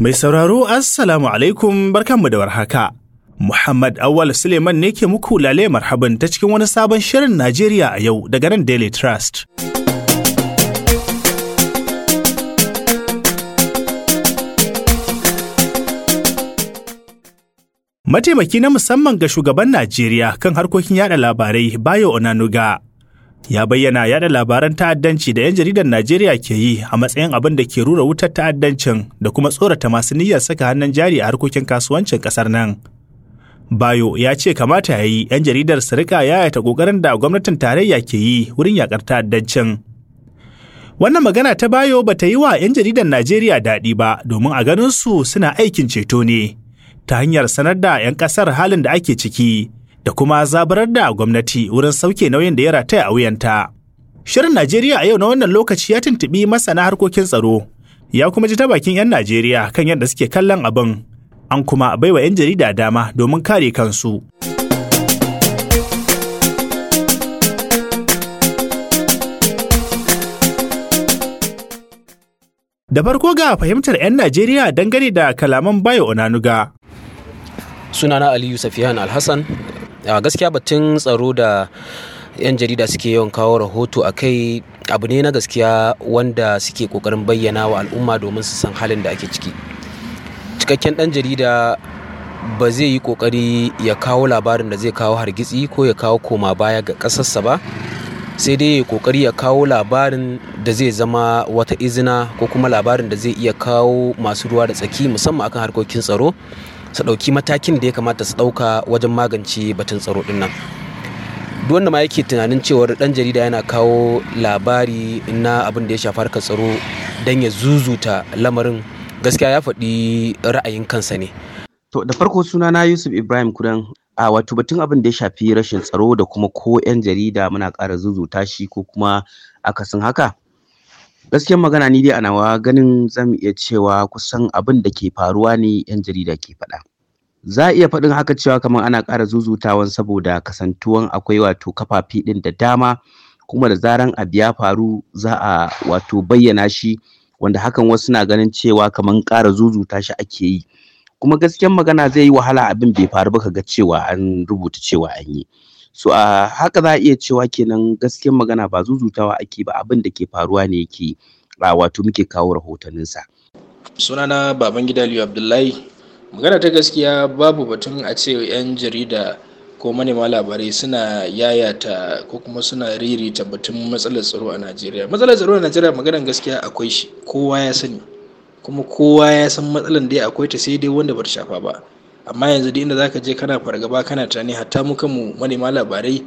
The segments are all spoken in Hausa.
Mai sauraro Assalamu alaikum barkanmu da warhaka. Muhammad Awal Suleiman ne ke muku lale marhaban ta cikin wani sabon shirin Najeriya a yau daga nan Daily Trust. Mataimaki na musamman ga shugaban Najeriya kan harkokin yada labarai Bayo Onanuga ya bayyana yada labaran ta'addanci da 'yan jaridar Najeriya ke yi a matsayin abin da ke rura wutar ta'addancin da kuma tsorata masu niyyar saka hannun jari a harkokin kasuwancin kasar nan. Bayo ya ce kamata ya yi 'yan jaridar su rika yayata kokarin da gwamnatin tarayya ke yi wurin yakar ta'addancin. Wannan magana ta Bayo ba ta yi wa 'yan jaridar Najeriya daɗi ba domin a ganin su suna aikin ceto ne ta hanyar sanar da 'yan ƙasar halin da ake ciki. da kuma zabarar da gwamnati wurin sauke nauyin da ya rataya a wuyanta. Shirin Najeriya a yau na wannan lokaci ya tuntuɓi masana harkokin tsaro, ya kuma ji ta bakin 'yan Najeriya kan yadda suke kallon abin, an kuma baiwa 'yan jarida dama domin kare kansu. Da farko ga fahimtar 'yan Najeriya dangane da kalaman Bayo Onanuga. Sunana Aliyu Safiyan Alhassan a gaskiya batun tsaro da 'yan jarida suke yawan kawo rahoto a kai abu ne na gaskiya wanda suke kokarin bayyana wa al'umma domin su san halin da ake ciki cikakken ɗan jarida ba zai yi kokari ya kawo labarin da zai kawo hargitsi ko ya kawo koma baya ga kasarsa ba sai dai ya kokari ya kawo labarin da zai zama wata izina ko kuma labarin da zai iya kawo masu ruwa da tsaki musamman akan harkokin tsaro su ɗauki matakin da ya kamata su ɗauka wajen magance batun tsaro ɗin nan duk wanda ma yake tunanin cewar ɗan jarida yana kawo labari na abin da ya shafi harkar tsaro don ya zuzuta lamarin gaskiya ya faɗi ra'ayin kansa ne to da farko suna na yusuf ibrahim kudan a wato batun abin da ya shafi rashin tsaro da kuma ko 'yan jarida muna ƙara zuzuta shi ko kuma akasin haka Gaskiyar magana ni dai a nawa ganin zan iya cewa kusan abin da ke faruwa ne 'yan jarida ke faɗa. Za a iya faɗin haka cewa kamar ana ƙara zuzutawan saboda kasantuwan akwai wato kafafe ɗin da dama kuma da zaran abu ya faru za a wato bayyana shi wanda hakan wasu na ganin cewa kamar ƙara zuzuta shi ake yi. Kuma gaskiyar magana zai yi wahala abin bai faru ba ka ga cewa an rubuta cewa an yi. so a haka za a iya cewa kenan gaskiyar magana ba zuzutawa ake ba abin da ke faruwa ne yake a wato muke kawo rahotanninsa sunana gida liyu abdullahi magana ta gaskiya babu batun a ce 'yan jarida ko manema labarai suna yayata ko kuma suna ririta batun matsalar tsaro a najeriya matsalar tsaro a najeriya maganar gaskiya akwai shi kowa ya sani kuma kowa ya san matsalar da akwai ta sai dai wanda bata shafa ba amma yanzu duk inda zaka je kana fargaba kana tunani hatta mu kanmu manema labarai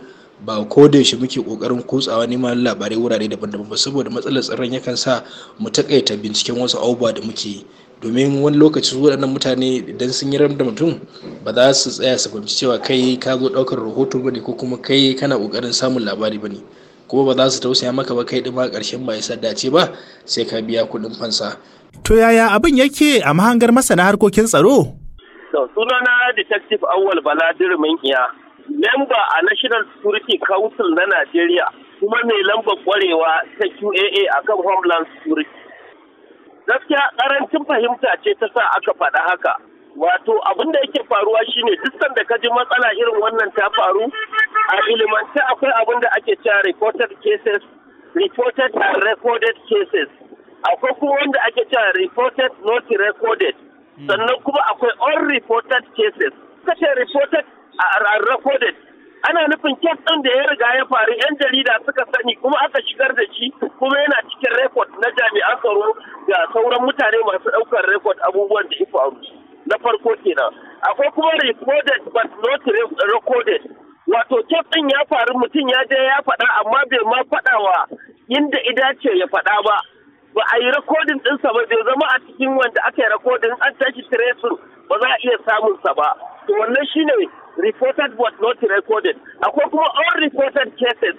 ba ko da yaushe muke kokarin kutsawa neman labarai wurare daban-daban ba saboda matsalar tsaron yakan sa mu takaita binciken wasu abubuwa da muke domin wani lokaci su waɗannan mutane idan sun yi da mutum ba za su tsaya su fahimci cewa kai ka zo ɗaukar rahoto ba ne ko kuma kai kana ƙoƙarin samun labari ba ne kuma ba za su tausaya maka ba kai ɗin ma ƙarshen ba ya dace ba sai ka biya kuɗin fansa. to yaya abin yake a mahangar masana harkokin tsaro sunana detective awal baladir iya memba a national security council na najeriya kuma mai lambar kwarewa ta qaa kan homeland security gaskiya karancin fahimta ce ta sa aka faɗa haka wato abin da yake faruwa shine duk sanda ka ji matsala irin wannan ta faru a ilimance akwai abin da ake cewa reported cases reported and recorded cases akwai kuma wanda ake cewa reported not recorded Hmm. sannan kuma akwai unreported cases kace reported a recorded ana nufin kes ɗin da ya riga ya faru yan jarida suka sani kuma aka shigar da shi kuma yana cikin rekod na jami'an tsaro ga sauran mutane masu ɗaukar rekod abubuwan da ya faru na farko kenan akwai kuma recorded but not recorded wato kes ɗin ya faru mutum ya je ya faɗa amma bai ma faɗawa inda ida ce ya faɗa ba ba a yi rikodin ɗinsa ba zai zama a cikin wanda aka yi rikodin an tashi tracing ba za a iya samun sa ba to wannan shine reported but not recorded akwai kuma all reported cases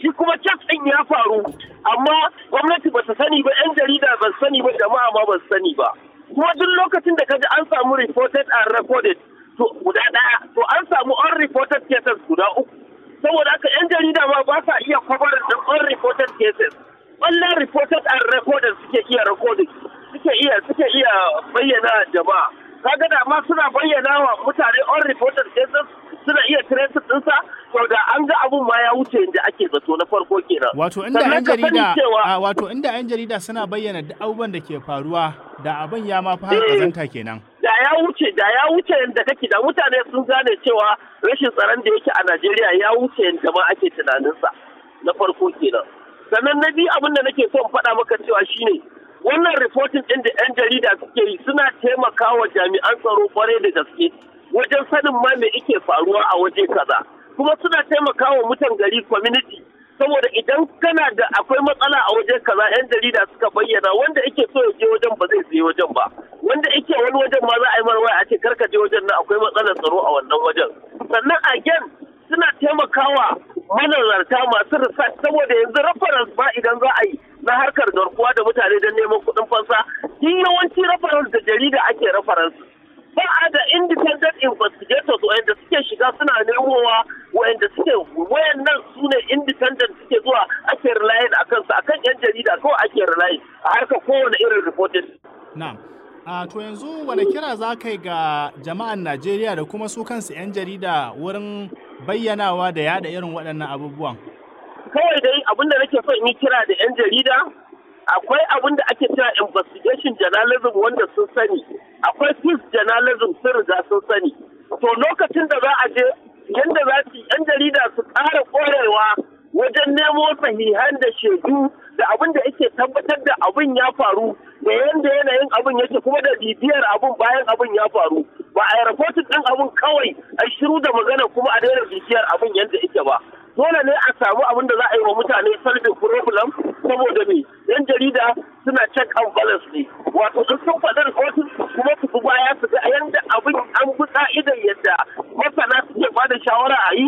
shi kuma cak ɗin ya faru amma gwamnati ba ta sani ba yan jarida ba sani ba jama'a ma ba sani ba kuma duk lokacin da kaji an samu reported and recorded to guda ɗaya to an samu unreported cases guda uku saboda haka yan jarida ma ba sa iya kwabar kwabarin unreported cases wannan reported and recorded suke iya recording suke iya suke iya bayyana jama'a kaga da ma suna bayyana wa mutane on reported cases suna iya trace dinsa to da an ga abun ma ya wuce inda ake zato na farko kenan wato inda yan jarida wato inda yan jarida suna bayyana duk abubuwan da ke faruwa da abin ya ma fi har kazanta eh, kenan da ya wuce da ya wuce yadda kake da mutane sun gane cewa rashin tsaron da yake a Najeriya ya wuce yadda ma ake tunaninsa na farko kenan sannan na biyu abin da nake son faɗa maka cewa shine wannan rifotin ɗin da 'yan jarida suke yi suna taimakawa jami'an tsaro kwarai da gaske wajen sanin ma me ike faruwa a waje kaza kuma suna taimakawa mutan gari community saboda idan kana da akwai matsala a waje kaza 'yan jarida suka bayyana wanda ike so ya je wajen ba zai je wajen ba wanda ike wani wajen ma za a yi marwaya a ce karka je wajen na akwai matsalar tsaro a wannan wajen sannan again suna taimakawa manazarta masu research saboda yanzu reference ba idan za a yi na harkar garkuwa da mutane don neman kuɗin fansa shi yawanci reference da jarida ake reference ba a da independent investigators wayanda suke shiga suna nemowa wayanda suke wayannan su ne independent suke zuwa ake a kansu a kan yan jarida kawai ake relying a harkar kowane irin reporting na'am a to yanzu wani kira za ka yi ga jama'an najeriya da kuma su kansu 'yan jarida wurin bayyanawa da yada irin waɗannan abubuwan? Kawai dai abin da nake so in yi kira da 'yan jarida akwai abin da ake kira investigation journalism wanda sun sani akwai peace journalism sun riga sun sani to lokacin da za a je yadda za su 'yan jarida su ƙara ƙwarewa wajen nemo sahihan da shaidu da abin da yake tabbatar da abin ya faru da yadda yanayin abin yake kuma da bibiyar abin bayan abin ya faru ba a yi rahoton ɗan abun kawai a shiru da magana kuma a daina zuciyar abin yadda ita ba dole ne a samu abin da za a yi wa mutane solving problem saboda me yan jarida suna check and balance ne wato in sun faɗa rahoton kuma su bi baya su ga yadda abin an bi ka'idar yadda masana suke ba da shawara a yi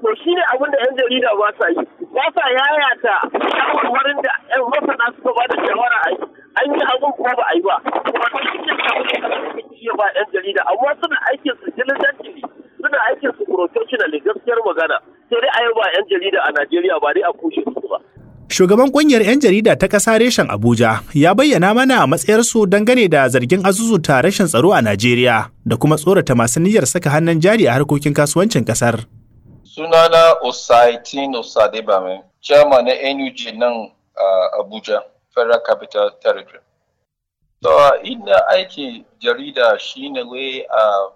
to shi ne abin da yan jarida ba sa yi ba sa yayata shawarwarin da yan masana suka ba da shawara a yi an yi abin ko ba a yi ba wato shi ne iya ba 'yan jarida amma suna aikin su diligently suna aikin su professionally gaskiyar magana sai dai a yi 'yan jarida a Najeriya ba dai a kushe su ba. Shugaban kungiyar 'yan jarida ta ƙasa reshen Abuja ya bayyana mana matsayarsu dangane da zargin azuzu ta rashin tsaro a Najeriya da kuma tsorata masu niyyar saka hannun jari a harkokin kasuwancin ƙasar. Sunana Osaitin Osadebame, chairman na NUG nan a uh, Abuja, Federal Capital Territory. So inda aiki jarida shine ne a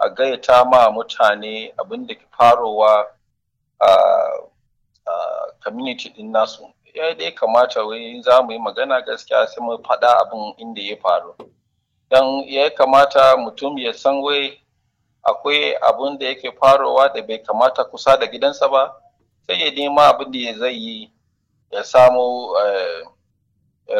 a gaita ma mutane abin da ke farowa a community din nasu. Ya dai kamata wai za mu yi magana gaskiya sai mu faɗa abin inda ya faru. Don ya kamata mutum ya san wai akwai abin da yake farowa da bai kamata kusa da gidansa ba, sai ya nema abin da zai yi ya samu eh,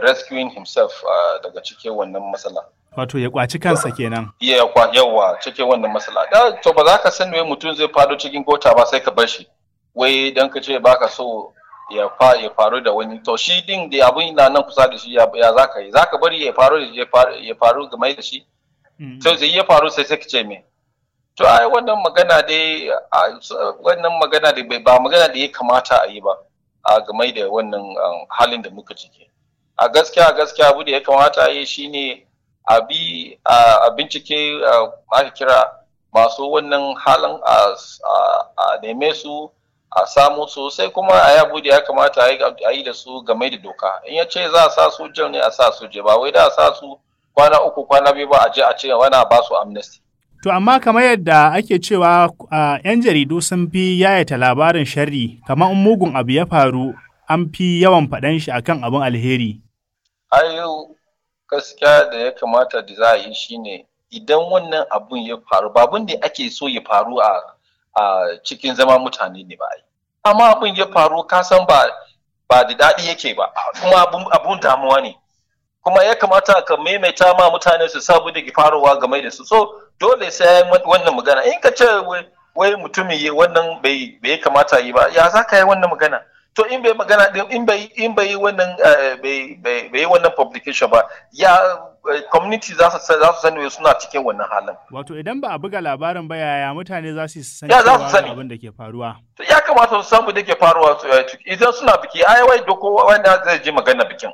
rescuing himself uh, daga cikin wannan matsala. Wato ya kwaci kansa kenan. Iya kwa yawa cikin wannan matsala. Da to ba za ka san me mutum zai fado cikin gota ba sai ka bar shi. Wai dan ka ce baka so ya fa ya faru da wani to shi din da abun da nan kusa da shi ya za ka yi za ka bari ya faru ya faru game da shi. Sai mm. ya faru sai sai ka ce me. To ai wannan magana dai wannan magana da ba magana da ya kamata a yi ba a game da wannan um, halin da muka ciki. a gaskiya gaskiya abu da ya kamata yi shine a bi a bincike a kira masu wannan halin a neme su a samu sosai, kuma a yabu da ya kamata a yi da su game da doka in ya ce za a sa su jam ne a sa su je ba wai da a sa su kwana uku kwana biyu ba a je a ce wani ba su amnesty To amma kamar yadda ake cewa a ‘yan jaridu sun fi yayata labarin sharri kamar mugun abu ya faru an fi yawan faɗan shi akan abin alheri. ayo gaskiya da ya kamata da za a yi shine idan wannan abun ya faru babun da ake so ya faru a cikin zama mutane ne ba amma abun ya faru ka ba ba da daɗi yake ba kuma abun damuwa ne kuma ya kamata ka maimaita ma mutane su sabu da faruwa game da su so dole sai wannan magana in ka ce wai mutumin wannan bai kamata yi ba ya za ka yi wannan magana to in bai magana in bai in bai wannan eh, bai bai wannan publication ba ya eh, community za su za su sani suna cikin wannan halin wato idan ba a buga labarin ba yaya mutane za su sani ya za su sani abin da ke faruwa to ya kamata su abin da ke faruwa eh, idan suna biki ai wai doko wanda zai ji magana bikin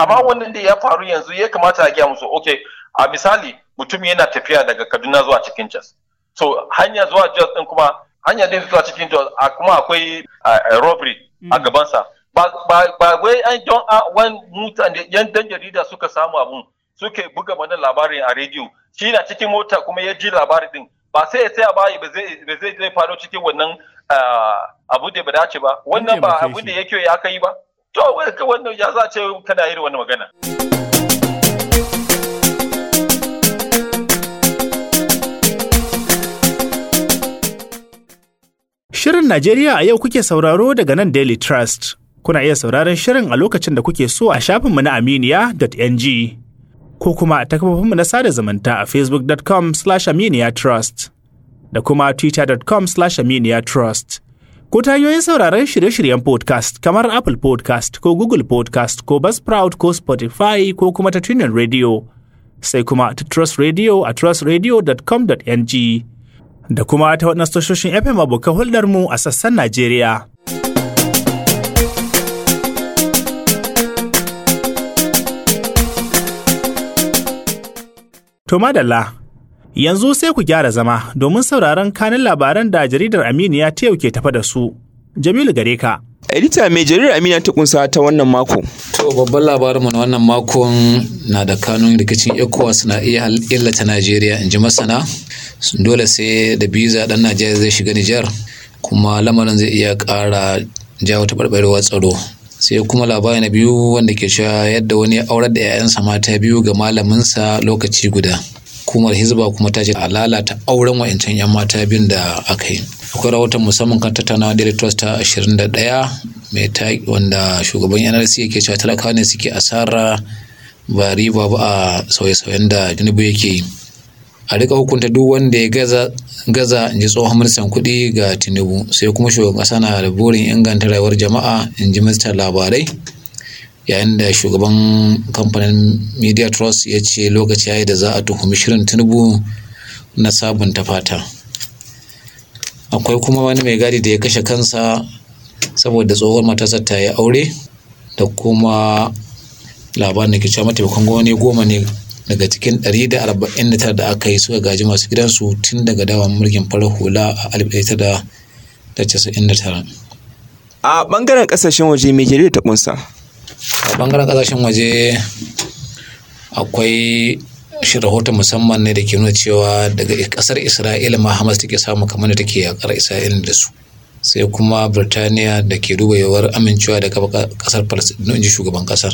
amma hmm. wannan da ya faru yanzu ya kamata a gaya musu okay a misali mutum yana tafiya daga Kaduna zuwa cikin Jos so hanya zuwa Jos din kuma hanya din zuwa cikin Jos kuma akwai robbery a mm. gabansa ba wai an don wani mutane yan dan jarida suka samu abun suke buga mana labarin a rediyo shi na cikin mota kuma ya ji labarin din ba sai ya tsaya bayi ba zai zai faro cikin wannan abu da ba dace ba wannan ba abu da yake ya aka yi ba to wannan ya za ce kana da wannan magana. Shirin Najeriya a yau kuke sauraro daga nan Daily Trust. Kuna iya sauraron shirin a lokacin da kuke so a shafinmu na aminiya.ng ko kuma a kafofinmu na sada zumunta a facebook.com slash aminiya_trust da kuma twitter.com slash aminiya_trust. Ko ta hanyoyin sauraron shirye-shiryen podcast kamar Apple podcast ko Google podcast ko Buzzsprout ko Spotify ko kuma ta tunin radio. Sai kuma ta Trust Radio a trustradio.com.ng. da kuma ta waɗansu tashoshin FM abokan hulɗar mu a sassan Najeriya. To madalla, yanzu sai ku gyara zama domin sauraron kanin labaran da jaridar Aminiya ta yau ke tafa da su. Jamilu Gareka. Edita mai jarir Amina ta kunsa ta wannan mako. To babban mu na wannan makon na da kanun rikicin ECOWAS na iya illata Najeriya in ji masana. Dole sai da biza dan Najeriya zai shiga Nijar kuma lamarin zai iya ƙara jawo ta barbarewar tsaro. Sai kuma labarin na biyu wanda ke cewa yadda wani ya aurar da 'ya'yansa mata biyu ga malaminsa lokaci guda. hukumar hizba kuma ta ce a lalata auren wa'ancan 'yan mata biyun da aka yi akwai rahoton musamman kan tattaunawa daily trust ta 21 mai ta wanda shugaban nrc yake cewa talakawa ne suke asara ba riba ba a sauye-sauyen da junubu yake yi a rika hukunta duk wanda ya gaza gaza in ji tsohon ministan kuɗi ga tinubu sai kuma shugaban ƙasa na da burin inganta rayuwar jama'a in ji ministan labarai yayin da shugaban kamfanin media trust ya ce lokaci ya yi da za a tuhumi shirin tinubu na sabunta fata akwai kuma wani mai gadi da ya kashe kansa saboda tsohon matasa ta yi aure da kuma labarin da ke cewa mataimakon gwamnati goma ne daga cikin 149 da aka yi suka gaji masu gidansu tun daga dawan mulkin farar hula a 1999 a ɓangaren ƙasashen waje mai jarida ta kunsa a bangaren kasashen waje akwai shi rahoton musamman ne da ke nuna cewa daga kasar isra'ila ma hamas take samu kamar da take yakar isra'ila da su sai kuma birtaniya da ke duba yawar amincewa da kasar palestina in ji shugaban kasar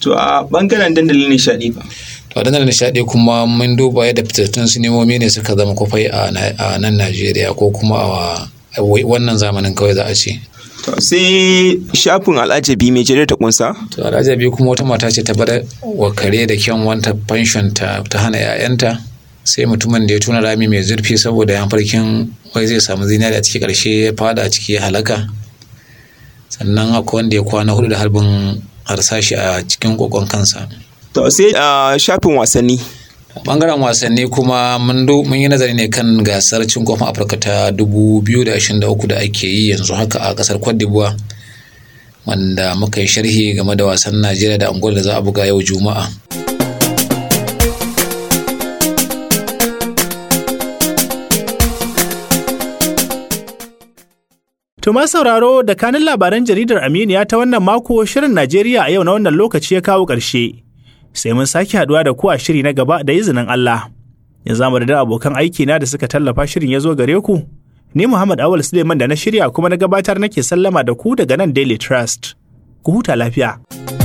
to a bangaren dandalin nishadi ba to a dandalin nishadi kuma mun duba yadda fitattun sinimomi ne suka zama kwafai a nan najeriya ko kuma a wannan zamanin kawai za a ce sai shafin al'ajabi mai jere ta kunsa? to al'ajabi kuma wata mata ce ta bada wa kare da wanta fanshon ta hana 'ya'yanta sai mutumin da ya tuna rami mai zurfi saboda yan farkin wai zai samu zinari a ciki karshe ya fada a ciki ya halaka sannan akwai wanda ya kwana hudu da harbin harsashi a cikin kokon kansa to sai ah, shafin wasanni bangaren wasanni kuma mun yi nazari ne kan gasar cin kofin afirka ta 2023 da ake yi yanzu haka a kasar cote d'ivoire wanda muka yi sharhi game da wasan najeriya da angola da za a buga yau juma'a Tuma sauraro da kanin labaran jaridar Aminiya ta wannan mako shirin Najeriya a yau na wannan lokaci ya kawo ƙarshe. sai mun sake haɗuwa da ku a shiri na gaba da izinin Allah. Ya zama da abokan aiki na da suka tallafa shirin ya zo gare ku. Ni Muhammad Awal Suleiman da na shirya kuma na gabatar nake sallama da ku daga nan Daily Trust. Ku huta lafiya.